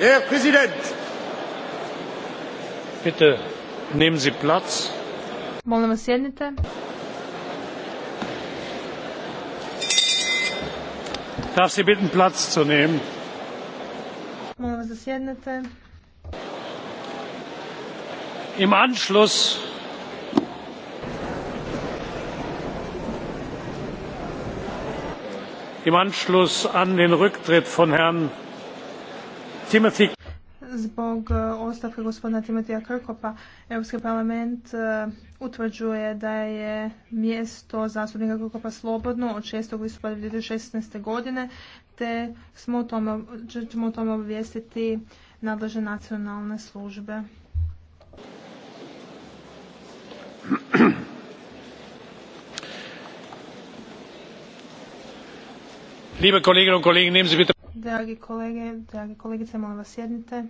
Herr Präsident! Bitte nehmen Sie Platz. Molim vas sjednite. Darf Sie bitten Platz zu nehmen? Molim vas da Im Anschluss im Anschluss an den Rücktritt von Herrn Zbog e, ostavke gospodina Timotija Krkopa, Europski parlament e, utvrđuje da je mjesto zastupnika Krkopa slobodno od 6. listopada 2016. godine, te ćemo o tome obvijestiti nadležne nacionalne službe. Liebe Kolleginnen und Kollegen, nehmen Sie Dragi kolege, dragi kolegice, molim vas sjednite.